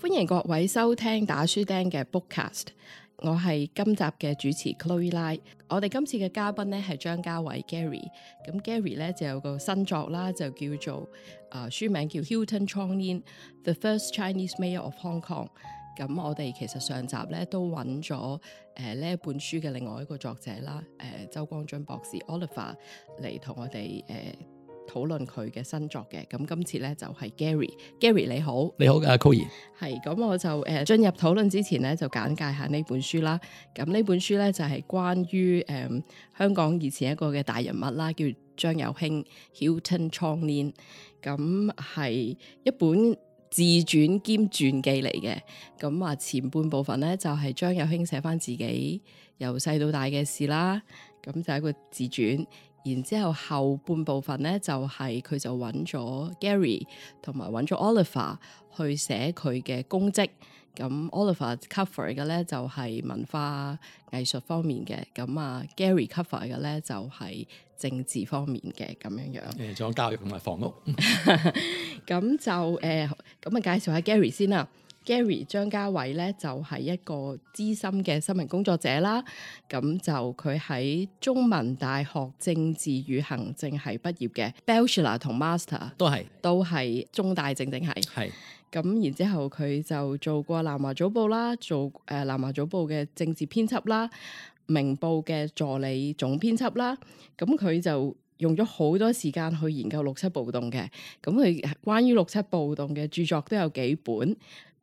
歡迎各位收聽打書釘嘅 bookcast，我係今集嘅主持 Chloe Lai，我哋今次嘅嘉賓咧係張家偉 Gary，咁 Gary 咧就有個新作啦，就叫做誒書名叫 Hilton Cheong-Leen，The First Chinese Mayor of Hong Kong，咁我哋其實上集咧都揾咗誒呢一本書嘅另外一個作者啦，誒周光蓁博士 Oliver 嚟同我哋誒。討論佢嘅新作嘅，咁今次咧就係 Gary，Gary 你好，你好啊 Coir。係咁我就誒進入討論之前咧就簡介下呢本書啦，咁呢本書咧就係關於誒、嗯、香港以前一個嘅大人物啦，叫張有興 Hilton Cheong-Leen，咁係一本自傳兼傳記嚟嘅，咁啊前半部分咧就係張有興寫翻自己由細到大嘅事啦，咁就係一個自傳。然之後後半部分咧就係、是、佢就揾咗 Gary 同埋揾咗 Oliver 去寫佢嘅功績。咁 Oliver cover 嘅咧就係、是、文化藝術方面嘅。咁啊 Gary cover 嘅咧就係、是、政治方面嘅咁樣樣。誒、嗯，仲有教育同埋房屋。咁 就誒，咁、呃、啊介紹下 Gary 先啦。Gary 張家偉呢就係、是、一個資深嘅新聞工作者啦，咁就佢喺中文大學政治與行政系畢業嘅，Bachelor el 同 Master 都係是都係中大正定。係是。係咁，然之後佢就做過南華早報啦，做誒、呃、南華早報嘅政治編輯啦，明報嘅助理總編輯啦。咁佢就用咗好多時間去研究六七暴動嘅，咁佢關於六七暴動嘅著作都有幾本。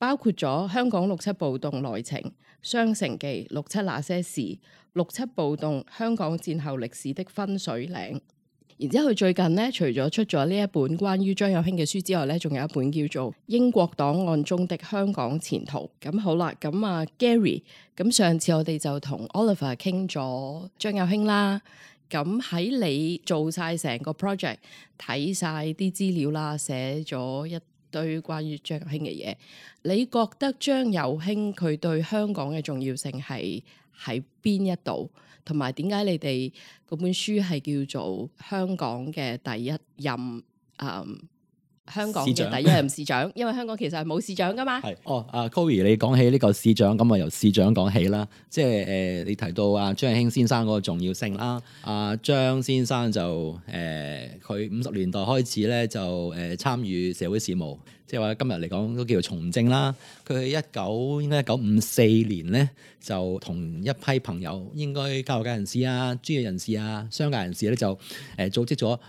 包括咗香港六七暴動內情、雙城記、六七那些事、六七暴動、香港戰後歷史的分水嶺。然之後佢最近咧，除咗出咗呢一本關於張有興嘅書之外咧，仲有一本叫做《英國檔案中的香港前途》。咁好啦，咁啊 Gary，咁上次我哋就同 Oliver 傾咗張有興啦。咁喺你做晒成個 project，睇晒啲資料啦，寫咗一。對關於張有興嘅嘢，你覺得張有興佢對香港嘅重要性係喺邊一度？同埋點解你哋嗰本書係叫做《香港嘅第一任》um,？香港嘅第一任市長， 因為香港其實係冇市長噶嘛。哦，阿、oh, Kory、uh, 你講起呢個市長，咁啊由市長講起啦。即係誒、呃，你提到啊，張有興先生嗰個重要性啦。阿、啊、張先生就誒，佢五十年代開始咧就誒參與社會事務，即係話今日嚟講都叫做從政啦。佢喺一九應該一九五四年咧就同一批朋友，應該教育界人士啊、專業人士啊、商界人士咧就誒、呃、組織咗。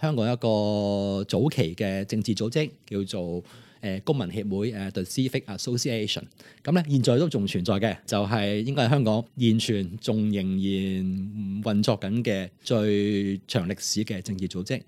香港一個早期嘅政治組織叫做誒公民協會誒 The Civic Association，咁咧，現在都仲存在嘅，就係應該係香港現存仲仍然運作緊嘅最長歷史嘅政治組織。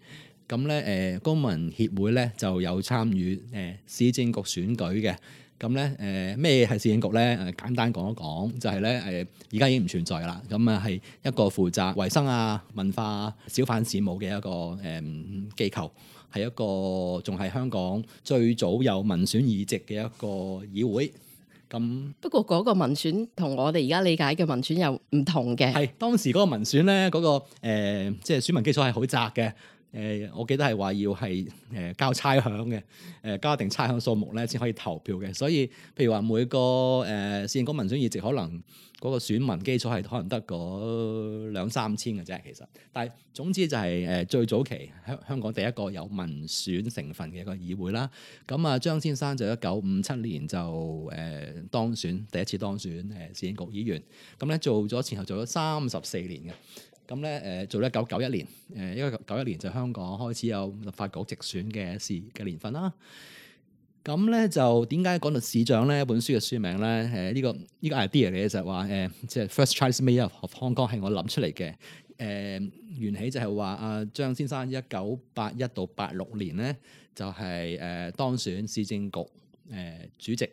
咁咧，誒公民協會咧、uh, 就是呃、就有參與誒市政局選舉嘅。咁咧，誒咩係市政局咧？誒簡單講一講，就係咧，誒而家已經唔存在噶啦。咁啊，係一個負責衞生啊、文化、小販事務嘅一個誒機構，係一個仲係香港最早有民選議席嘅一個議會。咁不過嗰個民選同我哋而家理解嘅民選又唔同嘅。係當時嗰個民選咧、嗰個、嗰個即係選民基礎係好窄嘅。誒、呃，我記得係話要係誒、呃、交差餉嘅，誒、呃、交定差餉數目咧先可以投票嘅。所以，譬如話每個誒市政局民選議席，可能嗰個選民基礎係可能得嗰兩三千嘅啫，其實。但係總之就係、是、誒、呃、最早期香香港第一個有民選成分嘅一個議會啦。咁、嗯、啊，張先生就一九五七年就誒、呃、當選，第一次當選誒市政局議員。咁、嗯、咧做咗前後做咗三十四年嘅。咁咧，誒、嗯、做一九九一年，誒因為九一年就香港開始有立法局直選嘅事嘅年份啦。咁、嗯、咧就點解講到市長咧？本書嘅書名咧，誒、呃、呢、這個呢、這個 idea 嚟嘅就話、是、誒，即、呃、係、就是、First Chinese Mayor of Hong Kong 係我諗出嚟嘅。誒、呃、源起就係話阿張先生一九八一到八六年咧，就係、是、誒、呃、當選市政局誒、呃、主席。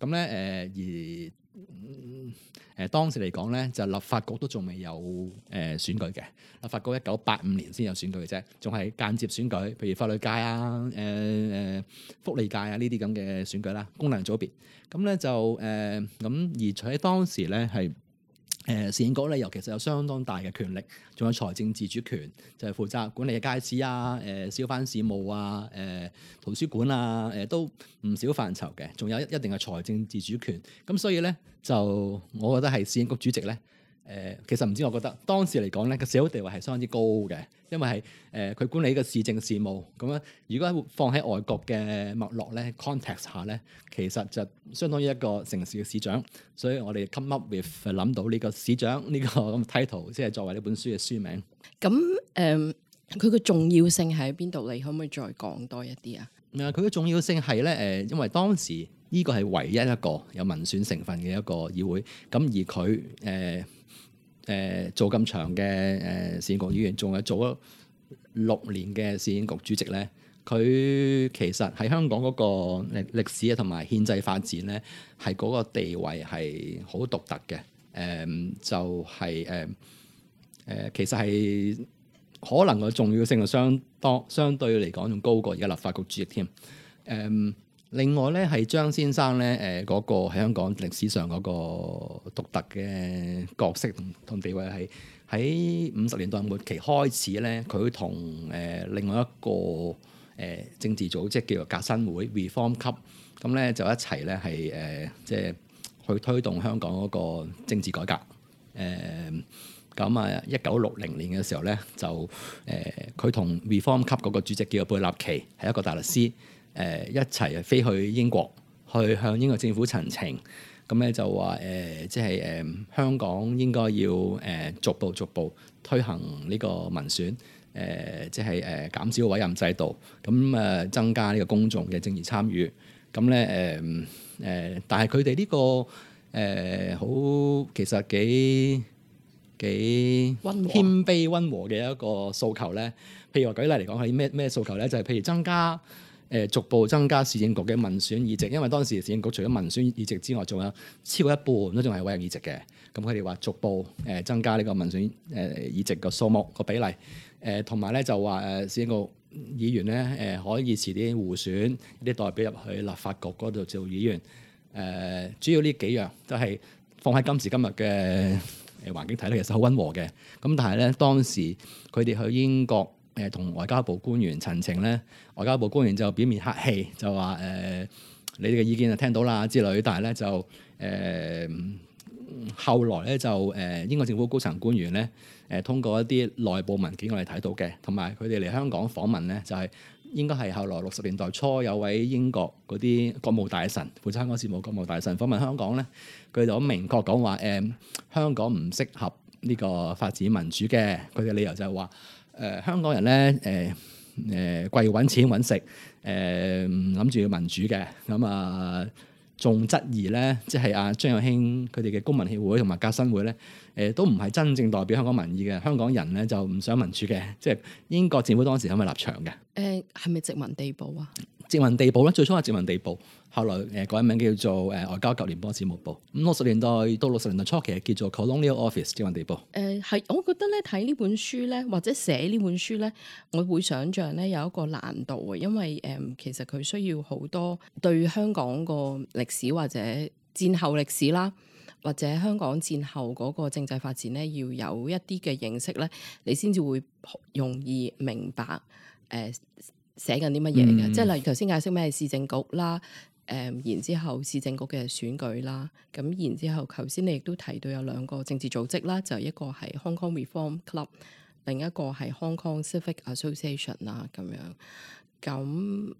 咁、呃、咧，誒而。嗯，誒、呃、當時嚟講咧，就是、立法局都仲未有誒、呃、選舉嘅，立法局一九八五年先有選舉嘅啫，仲係間接選舉，譬如法律界啊、誒、呃、誒福利界啊呢啲咁嘅選舉啦，功能組別。咁、嗯、咧就誒咁、呃，而喺當時咧係。誒、呃、市政局咧，尤其實有相當大嘅權力，仲有財政自主權，就係、是、負責管理嘅街市啊、誒小販事務啊、誒、呃、圖書館啊、誒、呃、都唔少範疇嘅，仲有一一定嘅財政自主權。咁所以咧，就我覺得係市政局主席咧。誒，其實唔知我覺得當時嚟講咧，個社會地位係相當之高嘅，因為係誒佢管理呢個市政事務咁樣、嗯。如果放喺外國嘅脈絡咧 context 下咧，其實就相當於一個城市嘅市長。所以我哋 come up with 諗到呢個市長呢、呢個咁 title，即係作為呢本書嘅書名。咁誒，佢、呃、嘅重要性喺邊度？你可唔可以再講多一啲啊？唔佢嘅重要性係咧誒，因為當時呢個係唯一一個有民選成分嘅一個議會，咁、呃、而佢誒。呃誒、呃、做咁長嘅誒市政局議員，仲係做咗六年嘅市政局主席咧。佢其實喺香港嗰個歷歷史啊，同埋憲制發展咧，係嗰個地位係好獨特嘅。誒、呃、就係誒誒，其實係可能嘅重要性啊，相當相對嚟講仲高過而家立法局主席添。誒、呃。另外咧，係張先生咧，誒、呃、嗰、那個喺香港歷史上嗰個獨特嘅角色同同地位，係喺五十年代末期開始咧，佢同誒另外一個誒、呃、政治組織叫做革新會 （Reform c u b 咁咧就一齊咧係誒即係去推動香港嗰個政治改革。誒、呃、咁啊，一九六零年嘅時候咧，就誒佢、呃、同 Reform Club 嗰個主席叫做貝立奇，係一個大律師。誒、呃、一齊飛去英國，去向英國政府陳情，咁、嗯、咧就話誒，即係誒香港應該要誒、呃、逐步逐步推行呢個民選，誒即係誒減少委任制度，咁、嗯、誒、呃、增加呢個公眾嘅政治參與。咁咧誒誒，但係佢哋呢個誒好、呃、其實幾幾謙卑溫和嘅一個訴求咧。譬如話舉例嚟講，係咩咩訴求咧？就係、是、譬如增加。誒逐步增加市政局嘅民選議席，因為當時市政局除咗民選議席之外，仲有超過一半都仲係委任議席嘅。咁佢哋話逐步誒增加呢個民選誒議席嘅數目個比例。誒同埋咧就話誒市政局議員咧誒可以遲啲互選啲代表入去立法局嗰度做議員。誒、呃、主要呢幾樣都係放喺今時今日嘅環境睇咧，其實好溫和嘅。咁但係咧當時佢哋去英國。誒同外交部官員陳情咧，外交部官員就表面客氣，就話誒、呃、你哋嘅意見就聽到啦之類，但係咧就誒、呃、後來咧就誒、呃、英國政府高層官員咧誒通過一啲內部文件我哋睇到嘅，同埋佢哋嚟香港訪問咧，就係、是、應該係後來六十年代初有位英國嗰啲國務大臣負責香港事務國務大臣訪問香港咧，佢就好明確講話誒香港唔適合呢個發展民主嘅，佢嘅理由就係、是、話。誒、呃、香港人咧，誒、呃、誒、呃、貴要揾錢揾食，誒諗住要民主嘅，咁啊仲質疑咧，即係阿張有興佢哋嘅公民協會同埋革新會咧，誒、呃、都唔係真正代表香港民意嘅，香港人咧就唔想民主嘅，即係英國政府當時係咪立場嘅？誒係咪殖民地步啊？殖民地部咧，最初係殖民地部，後來誒、呃、改名叫做誒外、呃、交及聯邦事務部。五六十年代到六十年代初期係叫做 Colonial Office 殖民地部，誒係、呃，我覺得咧睇呢本書咧，或者寫呢本書咧，我會想象咧有一個難度嘅，因為誒、呃、其實佢需要好多對香港個歷史或者戰後歷史啦，或者香港戰後嗰個政制發展咧，要有一啲嘅認識咧，你先至會容易明白誒。呃寫緊啲乜嘢嘅？即係、嗯、例如頭先解釋咩市政局啦，誒然之後市政局嘅選舉啦，咁然之後頭先你亦都提到有兩個政治組織啦，就一個係 Hong Kong Reform Club，另一個係 Hong Kong Civic Association 啦咁樣。咁誒、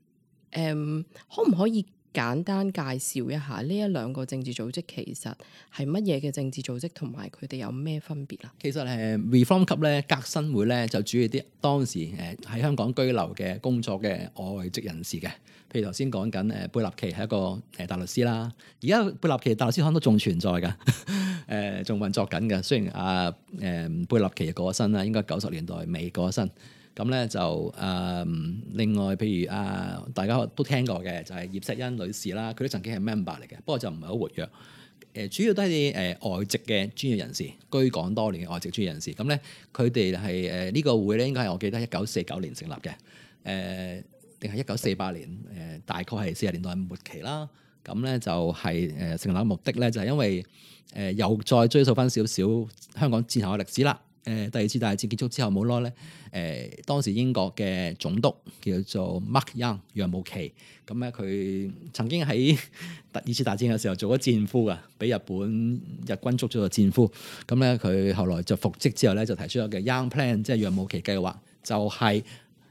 嗯，可唔可以？簡單介紹一下呢一兩個政治組織，其實係乜嘢嘅政治組織，同埋佢哋有咩分別啊？其實誒 Reform Club 咧，革新會咧就主要啲當時誒喺香港居留嘅工作嘅外籍人士嘅，譬如頭先講緊誒貝立奇係一個誒大律師啦，而家貝立奇大律師可能都仲存在㗎，誒 仲運作緊嘅。雖然阿誒貝立奇過咗身啦，應該九十年代尾過咗身。咁咧就誒、嗯，另外譬如啊，大家都聽過嘅就係、是、葉世欣葉錫恩女士啦，佢都曾經係 member 嚟嘅，不過就唔係好活躍。誒、呃，主要都係誒、呃、外籍嘅專業人士，居港多年嘅外籍專業人士。咁、嗯、咧，佢哋係誒呢個會咧，應該係我記得一九四九年成立嘅，誒定係一九四八年誒、呃，大概係四十年代末期啦。咁咧就係、是、誒、呃、成立的目的咧，就係、是、因為誒、呃、又再追溯翻少少香港戰後嘅歷史啦。誒第二次大戰結束之後冇耐咧，誒當時英國嘅總督叫做 Mark Young 楊慕琦，咁咧佢曾經喺第二次大戰嘅時候做咗戰俘啊，俾日本日軍捉咗個戰俘，咁咧佢後來就復職之後咧就提出咗個嘅 Young Plan，即係楊慕琦計劃，就係、是、誒、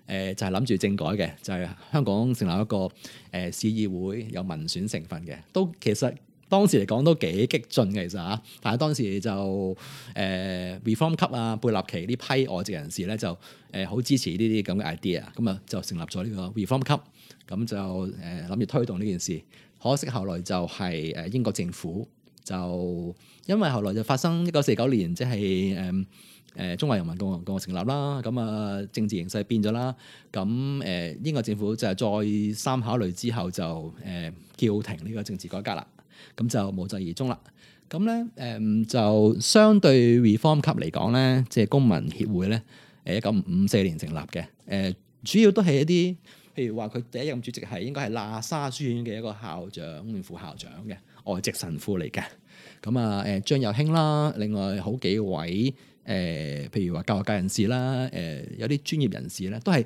呃、就係諗住政改嘅，就係、是、香港成立一個誒市議會有民選成分嘅，都其實。當時嚟講都幾激進嘅，其實嚇，但係當時就誒、呃、Reform Club 啊，貝納祺呢批外籍人士咧，就誒好、呃、支持呢啲咁嘅 idea，咁啊就成立咗呢個 Reform Club，咁就誒諗住推動呢件事。可惜後來就係誒英國政府就因為後來就發生一九四九年，即係誒誒中華人民共和國成立啦，咁啊政治形勢變咗啦，咁誒、呃、英國政府就再三考慮之後就誒、呃、叫停呢個政治改革啦。咁就無疾而終啦。咁咧誒，就相對 reform 級嚟講咧，即係公民協會咧，誒一九五四年成立嘅，誒、呃、主要都係一啲，譬如話佢第一任主席係應該係喇沙書院嘅一個校長同副校長嘅外籍神父嚟嘅。咁啊誒、呃、張友興啦，另外好幾位誒、呃，譬如話教育界人士啦，誒、呃、有啲專業人士咧，都係。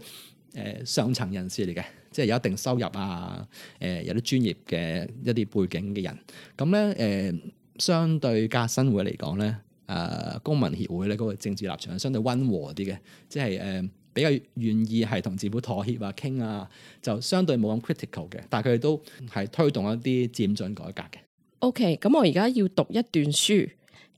誒、呃、上層人士嚟嘅，即係有一定收入啊，誒、呃、有啲專業嘅一啲背景嘅人，咁咧誒相對革新會嚟講咧，誒、呃、公民協會咧嗰個政治立場係相對溫和啲嘅，即係誒、呃、比較願意係同政府妥協啊，傾啊，就相對冇咁 critical 嘅，但係佢哋都係推動一啲漸進改革嘅。OK，咁我而家要讀一段書。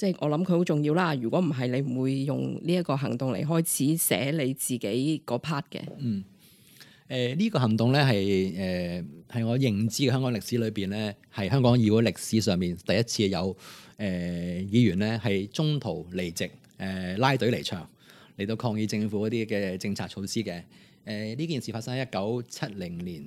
即係我諗佢好重要啦。如果唔係，你唔會用呢一個行動嚟開始寫你自己嗰 part 嘅。嗯，誒、呃、呢、這個行動咧係誒係我認知嘅香港歷史裏邊咧，係香港議會歷史上面第一次有誒、呃、議員咧係中途離席誒拉隊離場嚟到抗議政府嗰啲嘅政策措施嘅。誒、呃、呢件事發生喺一九七零年誒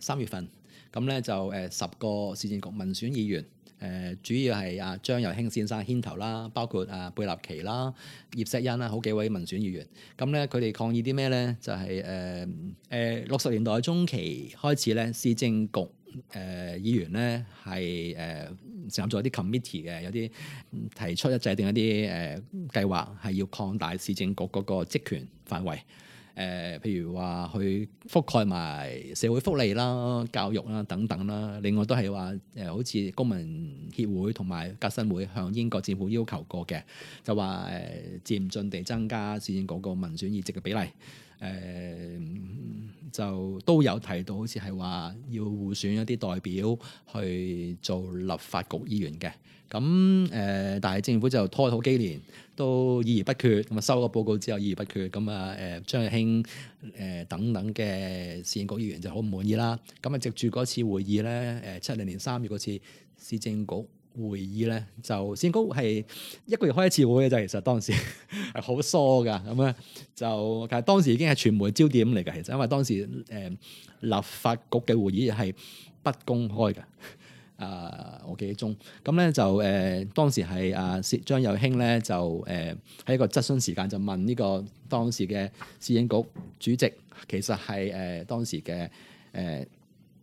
三月份，咁咧就誒十、呃、個市政局民選議員。誒主要係阿張有興先生牽頭啦，包括阿貝立奇啦、葉錫恩啦，好幾位民選議員。咁咧，佢哋抗議啲咩咧？就係誒誒六十年代中期開始咧，市政局誒、呃、議員咧係誒成立咗啲 committee 嘅，有啲提出一制定一啲誒、呃、計劃，係要擴大市政局嗰個職權範圍。誒、呃，譬如話去覆蓋埋社會福利啦、教育啦等等啦，另外都係話誒，好似公民協會同埋革新會向英國政府要求過嘅，就話、呃、漸進地增加市政局嗰個民選議席嘅比例，誒、呃、就都有提到，好似係話要互選一啲代表去做立法局議員嘅，咁誒、呃，但係政府就拖好幾年。都議而不決，咁啊收咗報告之後議而不決，咁啊誒張有興誒、呃、等等嘅市政局議員就好唔滿意啦。咁啊藉住嗰次會議咧，誒七零年三月嗰次市政局會議咧，就市政局係一個月開一次會嘅，就其實當時係好疏噶，咁咧，就但係當時已經係傳媒焦點嚟嘅，其實因為當時誒、呃、立法局嘅會議係不公開嘅。啊，我記憶中，咁、嗯、咧就誒、呃，當時係啊張有興咧就誒喺、呃、一個質詢時間就問呢個當時嘅市政局主席，其實係誒、呃、當時嘅誒、呃、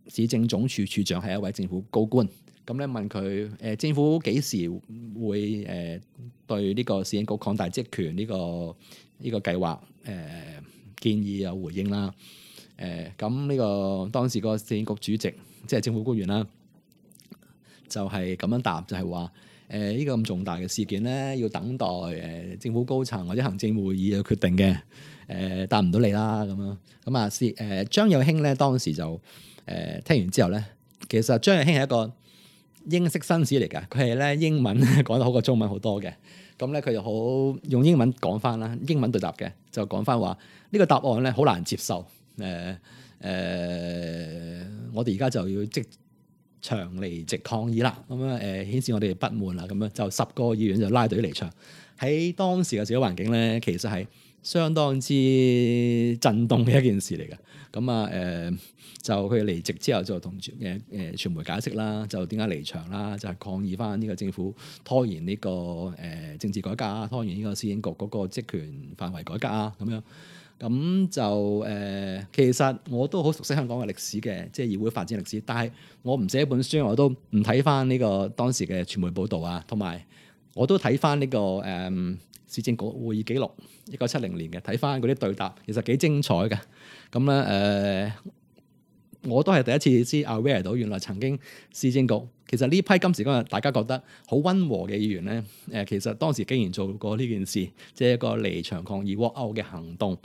市政總署署長係一位政府高官，咁、嗯、咧問佢誒、呃、政府幾時會誒、呃、對呢個市政局擴大職權呢、這個呢、這個計劃誒、呃、建議有回應啦？誒咁呢個當時個市政局主席即係政府官員啦。呃就係咁樣答，就係話誒呢個咁重大嘅事件咧，要等待誒、呃、政府高層或者行政會議嘅決定嘅誒、呃，答唔到你啦咁樣。咁啊，誒、呃、張有興咧當時就誒、呃、聽完之後咧，其實張有興係一個英式紳士嚟嘅，佢係咧英文講 得好過中文好多嘅，咁咧佢就好用英文講翻啦，英文對答嘅就講翻話呢、這個答案咧好難接受，誒、呃、誒、呃，我哋而家就要即。長離席抗議啦，咁樣誒顯示我哋不滿啦，咁樣就十個議員就拉隊離場。喺當時嘅社會環境咧，其實係相當之震動嘅一件事嚟嘅。咁啊誒、呃，就佢離席之後就同傳誒誒傳媒解釋啦，就點解離場啦？就是、抗議翻呢個政府拖延呢、這個誒、呃、政治改革啊，拖延呢個市政局嗰個職權範圍改革啊，咁樣。咁、嗯、就誒、呃，其實我都好熟悉香港嘅歷史嘅，即係議會發展歷史。但係我唔寫一本書，我都唔睇翻呢個當時嘅傳媒報導啊，同埋我都睇翻呢個誒、嗯、市政局會議記錄，一九七零年嘅睇翻嗰啲對答，其實幾精彩嘅。咁咧誒，我都係第一次知啊，Ray 到原來曾經市政局其實呢批今時今日大家覺得好温和嘅議員咧，誒、呃、其實當時竟然做過呢件事，即係一個離場抗議、walk out 嘅行動。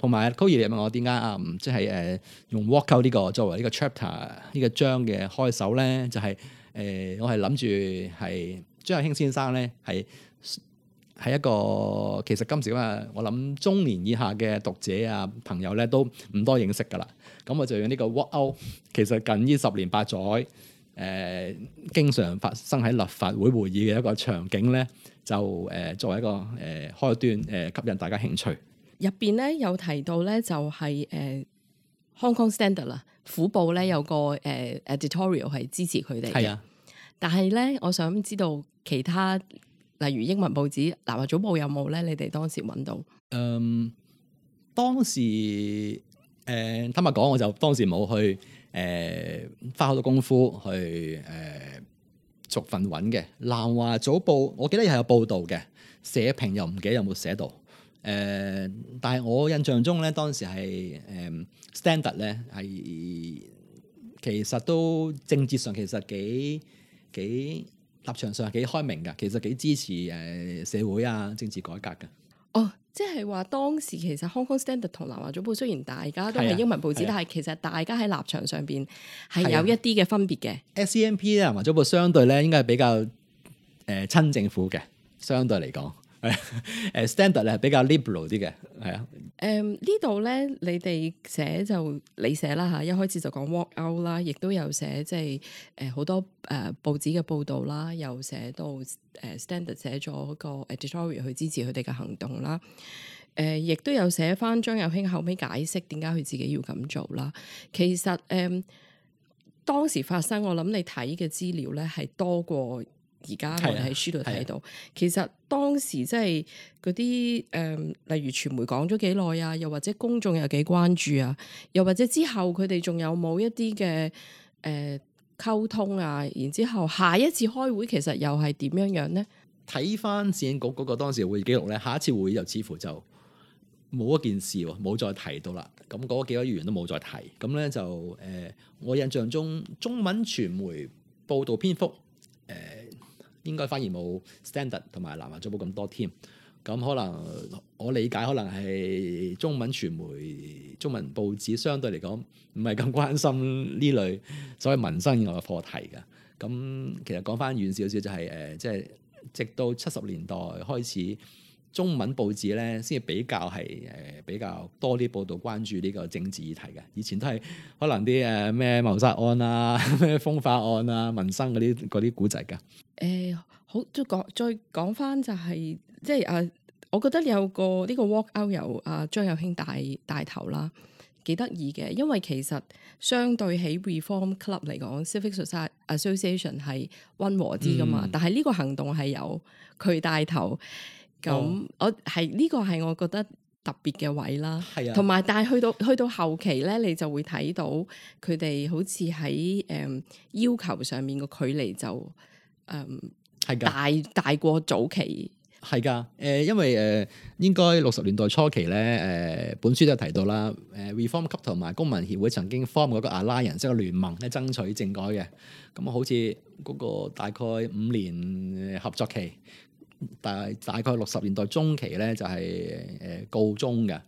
同埋高你問我點解啊，即係誒、呃、用 walkout 呢、這個作為呢個 chapter 呢個章嘅開首咧？就係、是、誒、呃、我係諗住係張有興先生咧，係喺一個其實今時今日我諗中年以下嘅讀者啊朋友咧都唔多認識噶啦。咁我就用呢個 walkout，其實近呢十年八載誒、呃，經常發生喺立法會會議嘅一個場景咧，就誒、呃、作為一個誒、呃、開端誒、呃、吸引大家興趣。入邊咧有提到咧、就是，就係誒《Hong Kong Standard》啦，虎報咧有個誒、呃、editorial 係支持佢哋嘅。的但係咧，我想知道其他例如英文報紙南華早報有冇咧？你哋當時揾到？嗯、呃，當時誒、呃、坦白講，我就當時冇去誒、呃、花好多功夫去誒逐、呃、份揾嘅。南華早報我記得係有報道嘅，社評又唔記得有冇寫到。誒、呃，但係我印象中咧，當時係誒、呃、Standard 咧係其實都政治上其實幾幾立場上係幾開明噶，其實幾支持誒社會啊政治改革噶。哦，即係話當時其實 Hong Kong Standard 同南華早報雖然大家都係英文報紙，啊啊、但係其實大家喺立場上邊係有一啲嘅分別嘅。SC、啊、MP 咧，南華早報相對咧應該係比較誒、呃、親政府嘅，相對嚟講。係啊，誒《Standard》咧比較 liberal 啲嘅，係啊。誒呢度咧，你哋寫就你寫啦嚇，一開始就講 walkout 啦，亦都有寫即係誒好多誒、呃、報紙嘅報導啦，又寫到誒《Standard、呃》stand 寫咗個誒 editorial 去支持佢哋嘅行動啦。誒、呃，亦都有寫翻張有興後尾解釋點解佢自己要咁做啦。其實誒、呃、當時發生，我諗你睇嘅資料咧係多過。而家我哋喺書度睇到，啊啊、其實當時即係嗰啲誒，例如傳媒講咗幾耐啊，又或者公眾又幾關注啊，又或者之後佢哋仲有冇一啲嘅誒溝通啊？然之後下一次開會其實又係點樣樣呢？睇翻市政局嗰個當時會議記錄咧，下一次會議又似乎就冇一件事喎，冇再提到啦。咁嗰幾位議員都冇再提，咁咧就誒、呃，我印象中中，中文傳媒報道篇幅誒。呃應該反而冇 Standard 同埋《南華早報》咁多添，咁可能我理解可能係中文傳媒、中文報紙相對嚟講唔係咁關心呢類所謂民生以外嘅課題嘅。咁其實講翻遠少少就係、是、誒，即、呃、係、就是、直到七十年代開始，中文報紙咧先至比較係誒、呃、比較多啲報導關注呢個政治議題嘅。以前都係可能啲誒咩謀殺案啊、咩風化案啊、民生嗰啲啲古仔噶。誒好，都講再講翻就係、是、即係啊！我覺得有個呢、這個 walkout 由啊張有興帶帶頭啦，幾得意嘅，因為其實相對起 Reform Club 嚟講，Civic Association 係溫和啲噶嘛。但係呢個行動係由佢帶頭，咁、oh. 我係呢、這個係我覺得特別嘅位啦。係啊、oh.，同埋但係去到去到後期咧，你就會睇到佢哋好似喺誒要求上面個距離就。誒，係噶、um, 是的，大大過早期係噶。誒、呃，因為誒、呃，應該六十年代初期咧，誒、呃、本書都有提到啦。誒、呃、Reform Club 同埋公民協會曾經 form 嗰個 Alliance，即係聯盟咧，爭取政改嘅。咁、嗯、啊，好似嗰個大概五年合作期，大大概六十年代中期咧就係、是、誒、呃、告終嘅。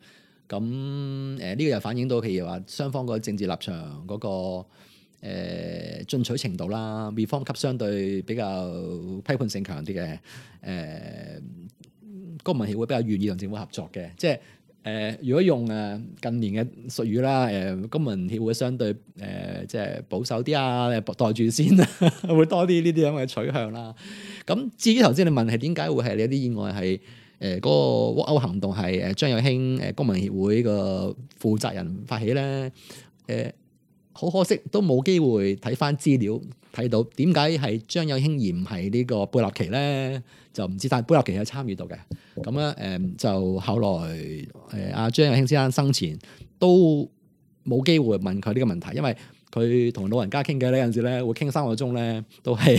咁誒呢個又反映到譬如話雙方個政治立場嗰、那個。誒、呃、進取程度啦 Reform 級相對比較批判性強啲嘅，誒、呃、公民協會比較願意同政府合作嘅，即係誒、呃、如果用誒近年嘅術語啦，誒、呃、公民協會相對誒、呃、即係保守啲啊，誒待住先啊，會多啲呢啲咁嘅取向啦。咁至於頭先你問係點解會係你有啲意外係誒嗰個 Walk Out 行動係誒張有興誒公民協會個負責人發起咧，誒、呃？好可惜都冇機會睇翻資料，睇到點解係張有興而唔係呢個貝立奇咧，就唔知。但係貝立奇係參與到嘅，咁咧誒就後來誒阿、嗯、張有興先生生前都冇機會問佢呢個問題，因為佢同老人家傾偈呢。有陣時咧會傾三個鐘咧，都係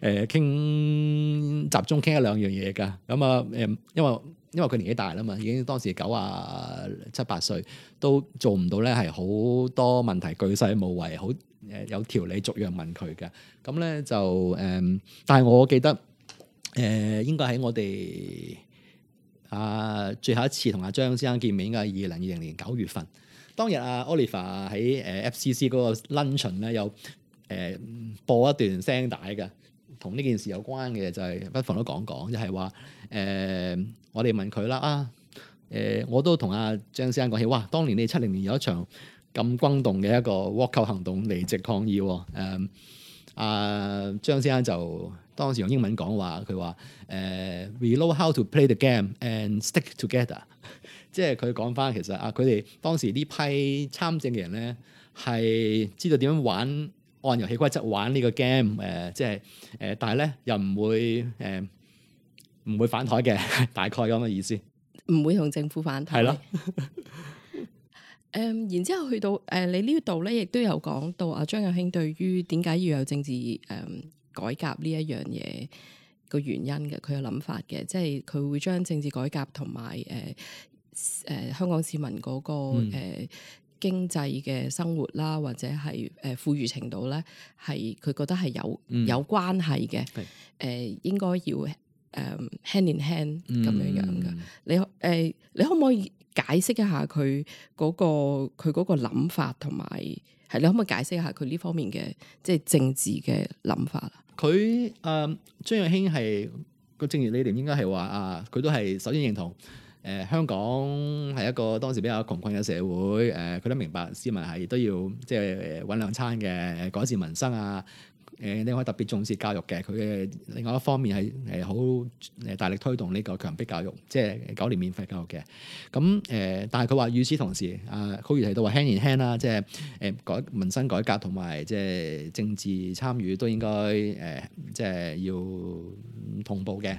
誒傾集中傾一兩樣嘢噶。咁啊誒，因為。因為佢年紀大啦嘛，已經當時九啊七八歲，都做唔到咧，係好多問題巨細無遺，好誒有條理逐樣問佢嘅。咁咧就誒、嗯，但係我記得誒、呃，應該喺我哋啊最後一次同阿張先生見面，嘅係二零二零年九月份。當日啊 Oliver 喺誒、呃、FCC 嗰個 Luncheon 咧，有誒、呃、播一段聲帶嘅，同呢件事有關嘅就係、是、不妨都講講，就係話誒。呃我哋問佢啦啊，誒，我都同阿張先生講起，哇，當年你七零年有一場咁轟動嘅一個 walk out 行動離席抗議喎，誒、啊，阿、啊、張先生就當時用英文講話，佢話誒，we know how to play the game and stick together，即係佢講返其實啊，佢哋當時呢批參政嘅人咧係知道點樣玩，按遊戲規則玩呢個 game，誒，即係誒，但係咧又唔會誒。啊唔會反台嘅，大概咁嘅意思。唔會同政府反台。係咯。誒，然之後去到誒、呃、你呢度咧，亦都有講到啊張有興對於點解要有政治誒、呃、改革呢一樣嘢個原因嘅，佢有諗法嘅，即係佢會將政治改革同埋誒誒香港市民嗰、那個誒、嗯呃、經濟嘅生活啦，或者係誒、呃、富裕程度咧，係佢覺得係有有關係嘅。係誒、嗯呃、應該要。誒、uh, hand in hand 咁、嗯、樣樣嘅，你誒、呃、你可唔可以解釋一下佢嗰、那個佢嗰個諗法同埋係你可唔可以解釋一下佢呢方面嘅即係政治嘅諗法啊？佢誒張有興係個政治理念應該係話啊，佢都係首先認同誒、呃、香港係一個當時比較窮困嘅社會誒，佢、呃、都明白市民係都要即係揾兩餐嘅改善民生啊。誒，你可以特別重視教育嘅，佢嘅另外一方面係誒好誒大力推動呢個強迫教育，即係九年免費教育嘅。咁誒、呃，但係佢話與此同時，啊，好如提到話輕言輕啦，即係誒改民生改革同埋即係政治參與都應該誒即係要同步嘅。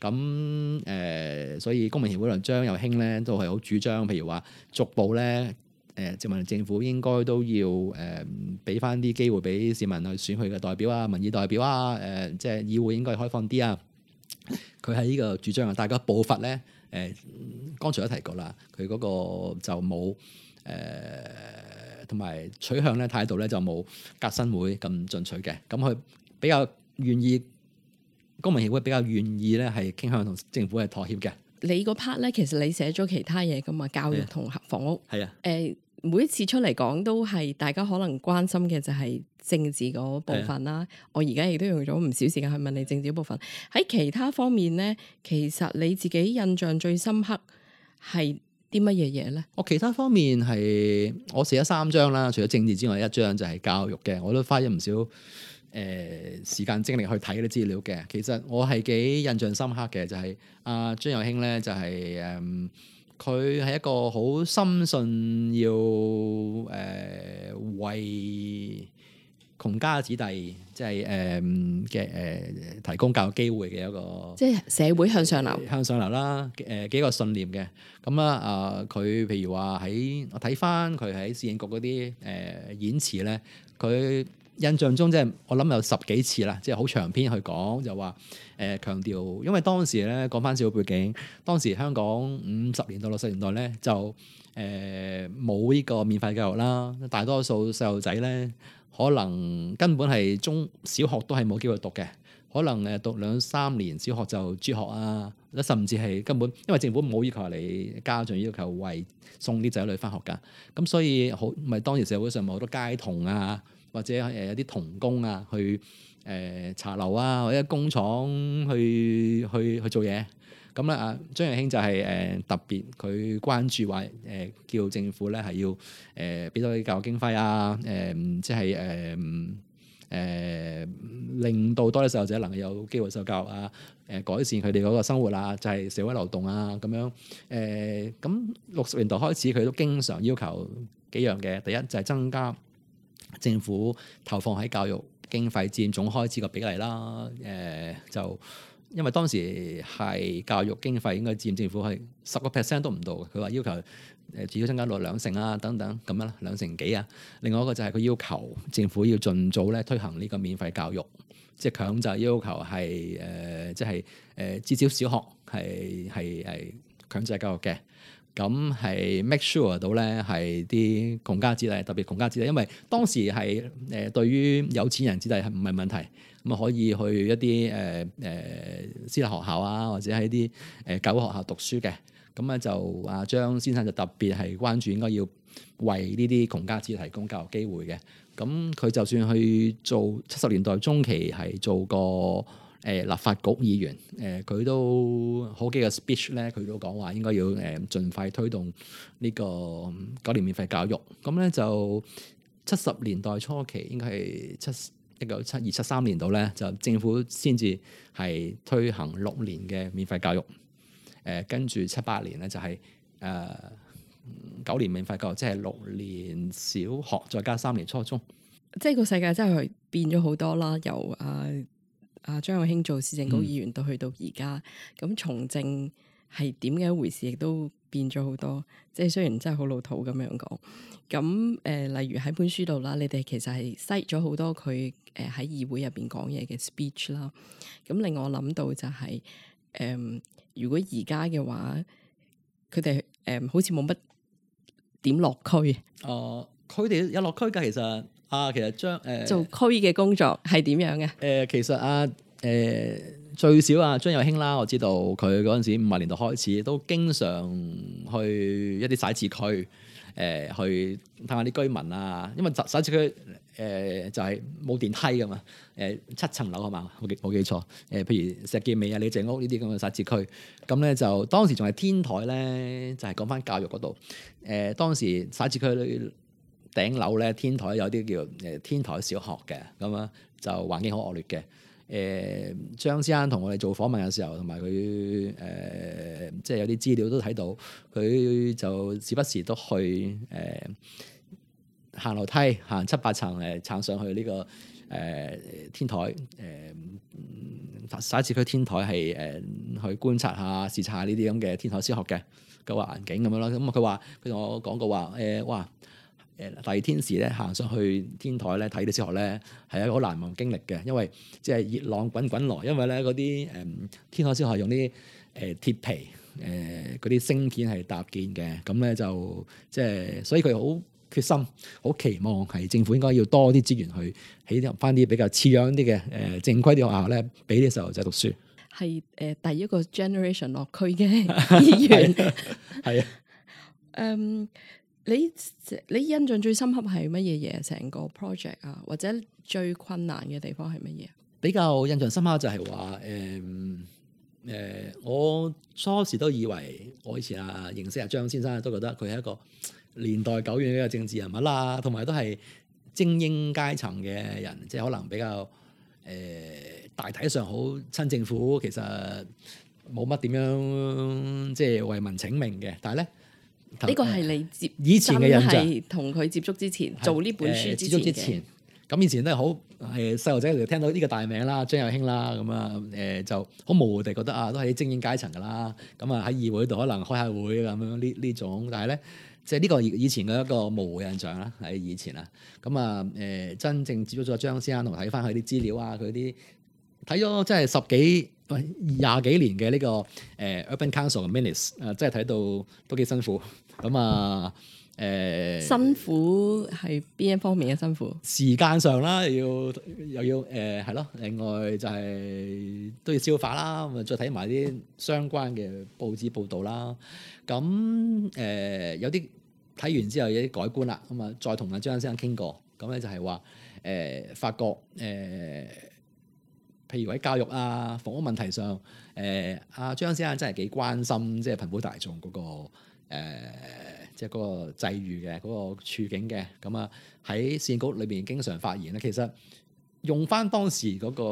咁誒、呃，所以公民協會論章又興咧，都係好主張，譬如話逐步咧。誒，殖民、呃、政府應該都要誒，俾翻啲機會俾市民去選佢嘅代表啊，民意代表啊，誒、呃，即係議會應該開放啲啊。佢喺呢個主張啊，但係個步伐咧，誒、呃，剛才都提過啦，佢嗰個就冇誒，同、呃、埋取向咧態度咧就冇革新會咁進取嘅。咁、嗯、佢比較願意，公民協會比較願意咧係傾向同政府係妥協嘅。你嗰 part 咧，其實你寫咗其他嘢噶嘛？教育同房屋係啊，誒。每一次出嚟講都係大家可能關心嘅就係政治嗰部分啦。的我而家亦都用咗唔少時間去問你政治部分。喺其他方面呢，其實你自己印象最深刻係啲乜嘢嘢呢？我其他方面係我寫咗三章啦，除咗政治之外，一章就係教育嘅，我都花咗唔少誒、呃、時間精力去睇啲資料嘅。其實我係幾印象深刻嘅，就係、是、阿、啊、張有興呢，就係、是、誒。嗯佢係一個好深信要誒、呃、為窮家子弟，即係誒嘅誒提供教育機會嘅一個，即係社會向上流、呃、向上流啦。誒、呃、幾個信念嘅咁啊！啊、嗯，佢、呃、譬如話喺我睇翻佢喺市政局嗰啲誒演詞咧，佢。印象中即係我諗有十幾次啦，即係好長篇去講就話誒強調，因為當時咧講翻少少背景，當時香港五十年到六十年代咧就誒冇呢個免費教育啦，大多數細路仔咧可能根本係中小學都係冇機會讀嘅，可能誒讀兩三年小學就輟學啊，甚至係根本因為政府唔好要求你家長要求為送啲仔女翻學㗎，咁所以好咪當時社會上冇好多街童啊。或者誒有啲童工啊，去誒、呃、茶樓啊，或者工廠去去去做嘢。咁咧啊，張有興就係、是、誒、呃、特別，佢關注話誒、呃、叫政府咧係要誒俾、呃、多啲教育經費啊，誒即係誒誒令到多啲受教育者能夠有機會受教育啊，誒、呃、改善佢哋嗰個生活啦、啊，就係、是、社會流動啊咁樣誒。咁六十年代開始，佢都經常要求幾樣嘅，第一就係增加。政府投放喺教、呃、教育經費佔總開支個比例啦，誒就因為當時係教育經費應該佔政府係十個 percent 都唔到，佢話要求誒、呃、至少增加落兩成啊等等咁樣啦，兩成幾啊。另外一個就係佢要求政府要盡早咧推行呢個免費教育，即係強制要求係誒、呃、即係誒、呃、至少小學係係係強制教育嘅。咁係 make sure 到咧係啲窮家子弟，特別窮家子弟，因為當時係誒對於有錢人子弟係唔係問題，咁啊可以去一啲誒誒私立學校啊，或者喺啲誒舊學校讀書嘅。咁咧就阿、啊、張先生就特別係關注應該要為呢啲窮家子弟提供教育機會嘅。咁佢就算去做七十年代中期係做過。誒立法局議員，誒佢都好幾個 speech 咧，佢都講話應該要誒盡快推動呢個九年免費教育。咁咧就七十年代初期，應該係七一九七二七三年度咧，就政府先至係推行六年嘅免費教育。誒跟住七八年咧、就是，就係誒九年免費教育，即係六年小學再加三年初中。即係個世界真係變咗好多啦，由啊～啊，張有興做市政局議員到去到而家，咁、嗯、從政係點嘅一回事，亦都變咗好多。即係雖然真係好老土咁樣講，咁誒、呃，例如喺本書度啦，你哋其實係篩咗好多佢誒喺議會入邊講嘢嘅 speech 啦。咁令我諗到就係、是、誒、呃，如果而家嘅話，佢哋誒好似冇乜點落區。哦、呃，佢哋有落區嘅其實。啊，其實張誒、呃、做區嘅工作係點樣嘅？誒、呃，其實啊誒、呃、最少啊張有興啦，我知道佢嗰陣時五十年代開始，都經常去一啲徙置區誒、呃、去睇下啲居民啊，因為徙置區誒、呃、就係、是、冇電梯噶嘛，誒、呃、七層樓係嘛？冇記冇記錯誒、呃，譬如石硤尾啊、李鄭屋呢啲咁嘅徙置區，咁咧就當時仲係天台咧，就係、是、講翻教育嗰度誒，當時徙置區，頂樓咧，天台有啲叫誒天台小學嘅咁樣，就環境好惡劣嘅。誒、呃、張先生同我哋做訪問嘅時候，同埋佢誒即係有啲資料都睇到，佢就時不時都去誒、呃、行樓梯行七八層誒撐上去呢，這個誒、呃、天台誒，第、呃、一次去天台係誒、呃、去觀察下、視察下呢啲咁嘅天台小學嘅教育環境咁樣啦。咁啊佢話佢同我講過話誒、呃、哇！誒第二天時咧，行上去天台咧睇啲小學咧，係一個好難忘經歷嘅，因為即係熱浪滾滾來，因為咧嗰啲誒天台小學用啲誒鐵皮誒嗰啲升片係搭建嘅，咁、嗯、咧就即係、就是、所以佢好決心，好期望係政府應該要多啲資源去起返啲比較似樣啲嘅誒正規啲學校咧，俾啲細路仔讀書。係誒、呃、第一個 generation 樂區嘅議員，係啊，嗯、啊。 um, 你你印象最深刻係乜嘢嘢？成個 project 啊，或者最困難嘅地方係乜嘢？比較印象深刻就係話誒誒，我初時都以為我以前啊認識阿張先生都覺得佢係一個年代久遠嘅政治人物啦，同埋都係精英階層嘅人，即係可能比較誒、呃、大體上好親政府，其實冇乜點樣即係為民請命嘅，但係咧。呢個係你接以前嘅人象，同佢接觸之前的做呢本書之前，咁以前都好，誒細路仔嚟聽到呢個大名啦，張有興啦咁啊，誒、呃、就好模糊地覺得啊，都係啲精英階層㗎啦。咁啊喺議會度可能開下會咁樣呢呢種。但係咧，即係呢個以前嘅一個模糊印象啦，喺以前啊。咁啊誒，真正接觸咗張先生同睇翻佢啲資料啊，佢啲。睇咗即係十幾、喂廿幾年嘅呢、這個誒、呃、Urban Council 嘅 Minutes，誒即係睇到都幾辛苦，咁啊誒辛苦係邊一方面嘅辛苦？時間上啦，要又要誒係咯，另外就係、是、都要消化啦，咁啊再睇埋啲相關嘅報紙報導啦，咁、嗯、誒、呃、有啲睇完之後有啲改觀啦，咁、嗯、啊再同阿張先生傾過，咁、嗯、咧就係話誒發覺誒。呃法國呃譬如喺教育啊、房屋問題上，誒、呃、阿張先生真係幾關心，即、就、係、是、貧苦大眾嗰、那個即係嗰個際遇嘅嗰個處境嘅，咁啊喺市政局裏邊經常發言咧。其實用翻當時嗰個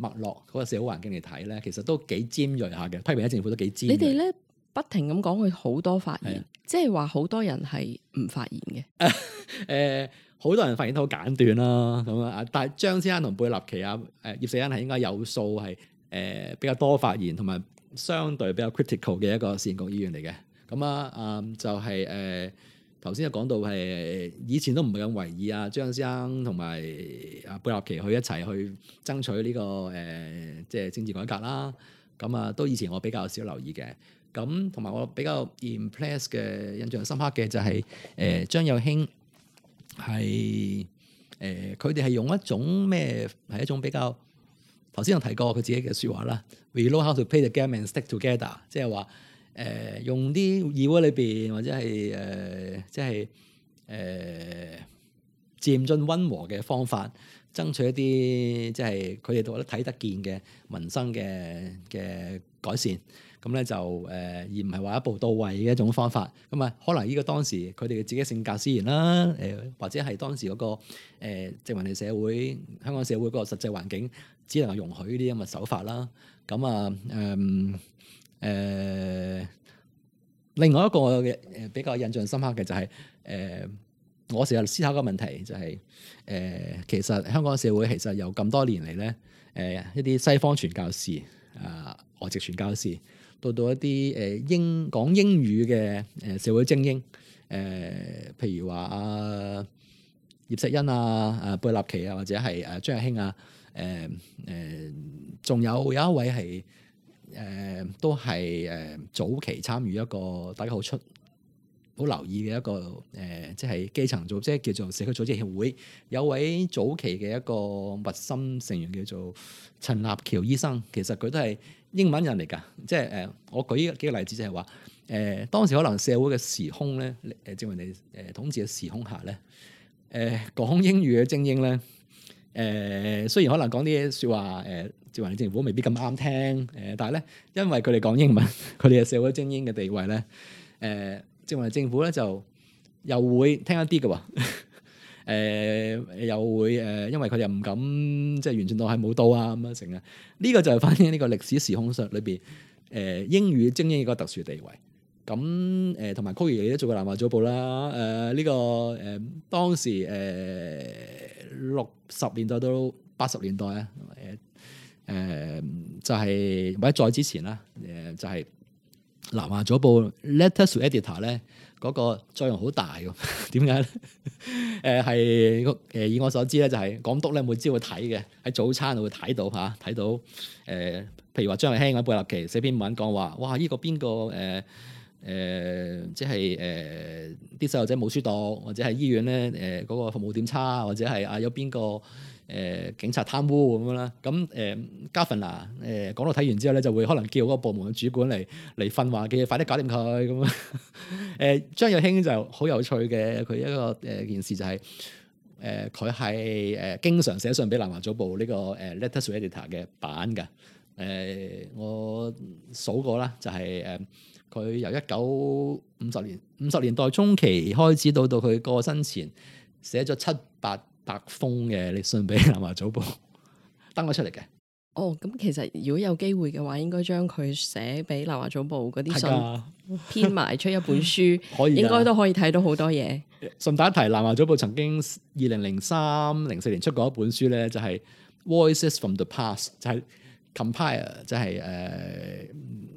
脈絡嗰個社會環境嚟睇咧，其實都幾尖鋭下嘅。批評喺政府都幾尖銳你呢。你哋咧不停咁講佢好多發言，即係話好多人係唔發言嘅、 呃。誒。好多人發言都好簡短啦，咁啊！但係張先生同貝納祺啊，誒葉錫恩係應該有數，係、呃、誒比較多發言同埋相對比較 critical 嘅一個市政局議員嚟嘅。咁啊，嗯，就係誒頭先就講到係以前都唔係咁為意啊，張先生同埋啊貝納祺去一齊去爭取呢、這個誒、呃、即係政治改革啦。咁啊，都以前我比較少留意嘅。咁同埋我比較 impress 嘅印象深刻嘅就係、是、誒、呃、張有興。係誒，佢哋係用一種咩係一種比較頭先有提過佢自己嘅説話啦 We know how to play the game and stick together，即係話誒用啲議會裏邊或者係誒即係誒漸進温和嘅方法，爭取一啲即係佢哋覺得睇得見嘅民生嘅嘅改善。咁咧就誒，而唔係話一步到位嘅一種方法。咁啊，可能呢個當時佢哋嘅自己性格使然啦，誒或者係當時嗰、那個殖民地社會、香港社會嗰個實際環境，只能容許呢啲咁嘅手法啦。咁啊誒誒，另外一個嘅誒比較印象深刻嘅就係、是、誒、呃，我成日思考個問題就係、是、誒、呃，其實香港社會其實由咁多年嚟咧，誒、呃、一啲西方傳教士啊、呃，外籍傳教士。到到一啲誒英講英語嘅誒社會精英，誒、呃、譬如話啊葉錫恩啊啊貝納祺啊，或者係誒、啊、張有興啊，誒誒仲有有一位係誒、呃、都係誒早期參與一個大家好出好留意嘅一個誒、呃，即係基層組織，即叫做社區組織協會，有位早期嘅一個核心成員叫做陳立橋醫生，其實佢都係。英文人嚟噶，即係誒，我舉幾個例子就係話，誒、呃、當時可能社會嘅時空咧，誒殖民地誒統治嘅時空下咧，誒、呃、講英語嘅精英咧，誒、呃、雖然可能講啲説話，誒殖民地政府未必咁啱聽，誒、呃、但係咧，因為佢哋講英文，佢哋嘅社會精英嘅地位咧，誒殖民地政府咧就又會聽一啲嘅喎。呵呵誒、呃、又會誒、呃，因為佢哋又唔敢即係完全到係冇到啊咁樣成日，呢、這個就反映呢個歷史時空上裏邊誒英語精英嘅一個特殊地位。咁誒同埋 Gary 都做過南華早報啦。誒、呃、呢、這個誒、呃、當時誒六十年代到八十年代啊，誒、呃、就係、是、或者再之前啦，誒、呃、就係、是、南華早報 letters editor 咧。嗰個作用好大喎，點解咧？誒係個以我所知咧，就係、是、港督咧每朝會睇嘅，喺早餐會睇到嚇，睇、啊、到誒、呃，譬如話張有興喺貝立奇寫篇文講話，哇！依、這個邊個誒誒，即係誒啲細路仔冇書讀，或者係醫院咧誒嗰個服務點差，或者係啊有邊個？誒警察貪污咁樣啦，咁誒 Governor 誒講到睇完之後咧，就會可能叫嗰個部門嘅主管嚟嚟訓話嘅，快啲搞掂佢咁。誒、 呃、張有興就好有趣嘅，佢一個誒、呃、件事就係誒佢係誒經常寫信俾《南華早報、這個》呢、呃、個誒 Letters Editor 嘅版嘅。誒、呃、我數過啦，就係誒佢由一九五十年五十年代中期開始到到佢過身前寫咗七八。特封嘅你信俾《南華早報》登咗出嚟嘅。哦，咁其實如果有機會嘅話，應該將佢寫俾《南華早報》嗰啲信編埋對的 出一本書， 可以的 應該都可以睇到好多嘢。順帶一提，《南華早報》曾經二零零三零四年出過一本書咧，就係《Voices from the Past》，呃，就係 Compile，就係誒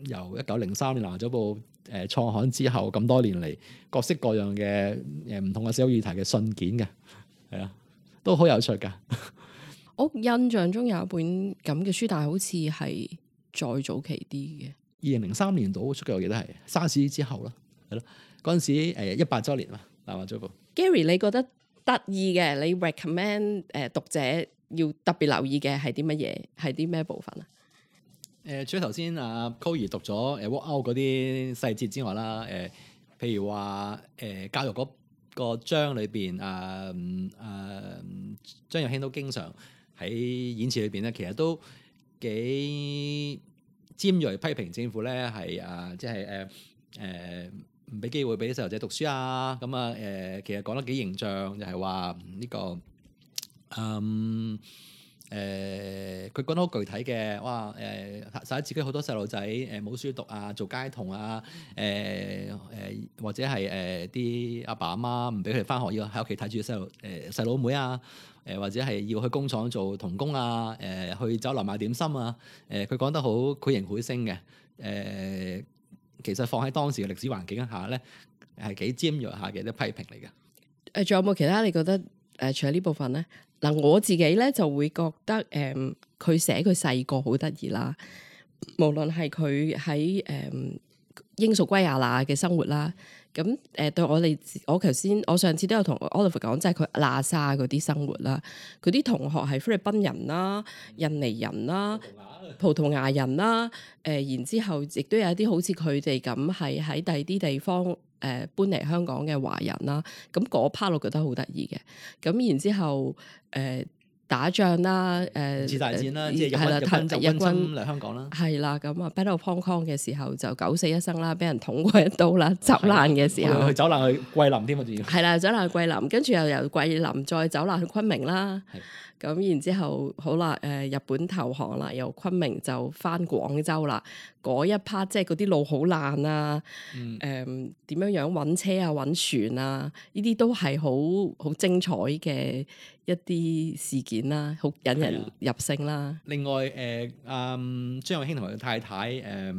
由一九零三年《南華早報》誒創刊之後咁多年嚟各式各樣嘅誒唔同嘅社會議題嘅信件嘅，係啊。都好有趣㗎！ 我印象中有一本咁嘅書，但係好似係再早期啲嘅。二零零三年度出嘅我記得係，沙士之後咯，係咯。嗰陣時誒一百周年嘛，南華早報 Gary，你覺得得意嘅？你 recommend 誒、呃、讀者要特別留意嘅係啲乜嘢？係啲咩部分、呃、啊？誒，除咗頭先阿 Coir 讀咗誒 War 歐嗰啲細節之外啦，誒、呃，譬如話誒、呃、教育局。個章裏邊誒誒，張有興都經常喺演辭裏邊咧，其實都幾尖鋭批評政府咧，係誒即係誒誒，唔俾機會俾啲細路仔讀書啊！咁啊誒、呃，其實講得幾形象，就係話呢個誒。嗯誒，佢講、呃、得好具體嘅，哇！誒、呃，首自己好多細路仔誒冇書讀啊，做街童啊，誒、呃、誒、呃，或者係誒啲阿爸阿媽唔俾佢哋返學要喺屋企睇住細路誒細佬妹啊，誒、呃、或者係要去工廠做童工啊，誒、呃、去酒樓賣點心啊，誒佢講得好，繪形繪聲嘅，誒其實放喺當時嘅歷史環境下咧，係幾尖鋭下嘅一批評嚟嘅。誒，仲有冇其他你覺得？除咗呢部分呢，我自己咧就會覺得誒，佢、嗯、寫佢細個好得意啦，無論係佢喺英屬圭亞那嘅生活啦。咁誒、嗯、對我哋，我頭先我上次都有同 Oliver 講，即係佢圭亞那嗰啲生活啦，佢啲同學係菲律賓人啦、印尼人啦、葡萄牙人啦，誒、嗯、然之後亦都有一啲好似佢哋咁係喺第二啲地方誒搬嚟香港嘅華人啦，咁嗰 part 我覺得好得意嘅。咁、嗯、然之後誒。嗯打仗啦，誒，二次大戰啦，依家、呃、入嚟分一軍嚟香港啦，係啦，咁啊，Battle Hong Kong 嘅時候就九死一生啦，俾人捅過一刀啦，走難嘅時候，啊啊、去走難去桂林添，我仲要係啦，走難去桂林，跟、啊、住又由桂林再走難去昆明啦。咁然之後，好啦，誒、呃、日本投降啦，由昆明就翻廣州啦。嗰一 part 即係嗰啲路好爛啊，誒點、嗯呃、樣樣揾車啊、揾船啊，呢啲都係好好精彩嘅一啲事件啦、啊，好引人入勝啦、啊啊。另外，誒、呃、阿張有興同埋太太誒。呃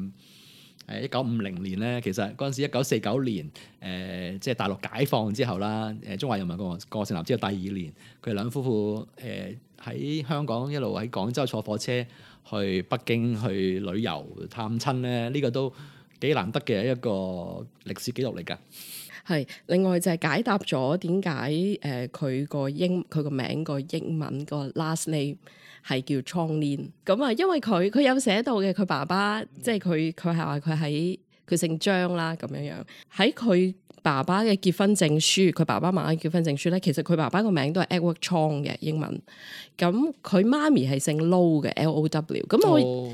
誒一九五零年咧，其實嗰陣時一九四九年，誒、呃、即係大陸解放之後啦，誒中華人民共和國成立之後第二年，佢哋兩夫婦誒喺、呃、香港一路喺廣州坐火車去北京去旅遊探親咧，呢、這個都幾難得嘅一個歷史記錄嚟㗎。係另外就係解答咗點解誒佢個英佢個名個英文個 last name。係叫 Cheong-Leen，咁啊，因為佢佢有寫到嘅，佢爸爸即係佢佢係話佢喺佢姓張啦咁樣樣。喺佢爸爸嘅結婚證書，佢爸爸買嘅結婚證書咧，其實佢爸爸個名都係 Edward Chong 嘅英文。咁佢媽咪係姓 Low 嘅 L, L O W。咁我、oh.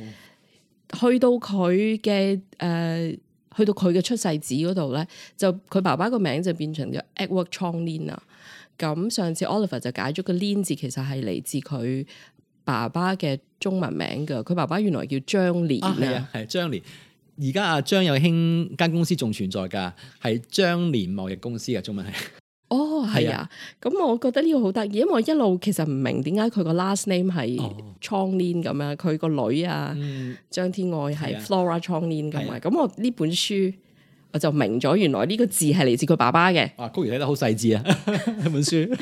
去到佢嘅誒，去到佢嘅出世紙嗰度咧，就佢爸爸個名就變成咗 Edward Cheong-Leen 啦。咁上次 Oliver 就解咗個 Leen 字，其實係嚟自佢。爸爸嘅中文名噶，佢爸爸原來叫張廉啊，係張廉，而家阿張有興間公司仲存在噶，係張廉貿易公司嘅中文名。哦，係啊，咁、啊嗯、我覺得呢個好得意，因為我一路其實唔明點解佢個 last name 係 Cheong-Leen 咁樣，佢個、哦、女啊張、嗯、天愛係 Flora Cheong-Leen 咁啊，咁、啊嗯、我呢本書。我就明咗，原來呢個字係嚟自佢爸爸嘅。啊，高然睇得好細緻啊！呢本書。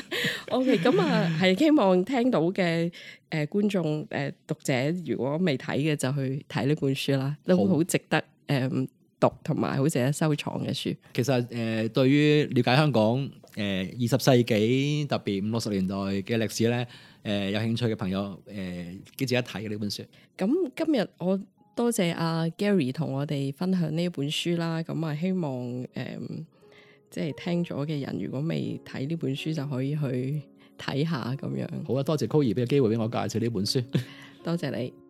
O.K. 咁啊，係希望聽到嘅誒、呃、觀眾誒、呃讀,呃、讀者，如果未睇嘅就去睇呢本書啦，都好值得誒、嗯、讀同埋好值得收藏嘅書。其實誒、呃，對於了解香港誒二十世紀特別五六十年代嘅歷史咧，誒、呃、有興趣嘅朋友誒、呃，記住一睇嘅呢本書。咁、嗯、今日我。多謝阿 Gary 同我哋分享呢本書啦，咁啊希望誒、嗯，即係聽咗嘅人如果未睇呢本書就可以去睇下咁樣。好啊，多謝 Cody 俾個機會俾我介紹呢本書， 多謝你。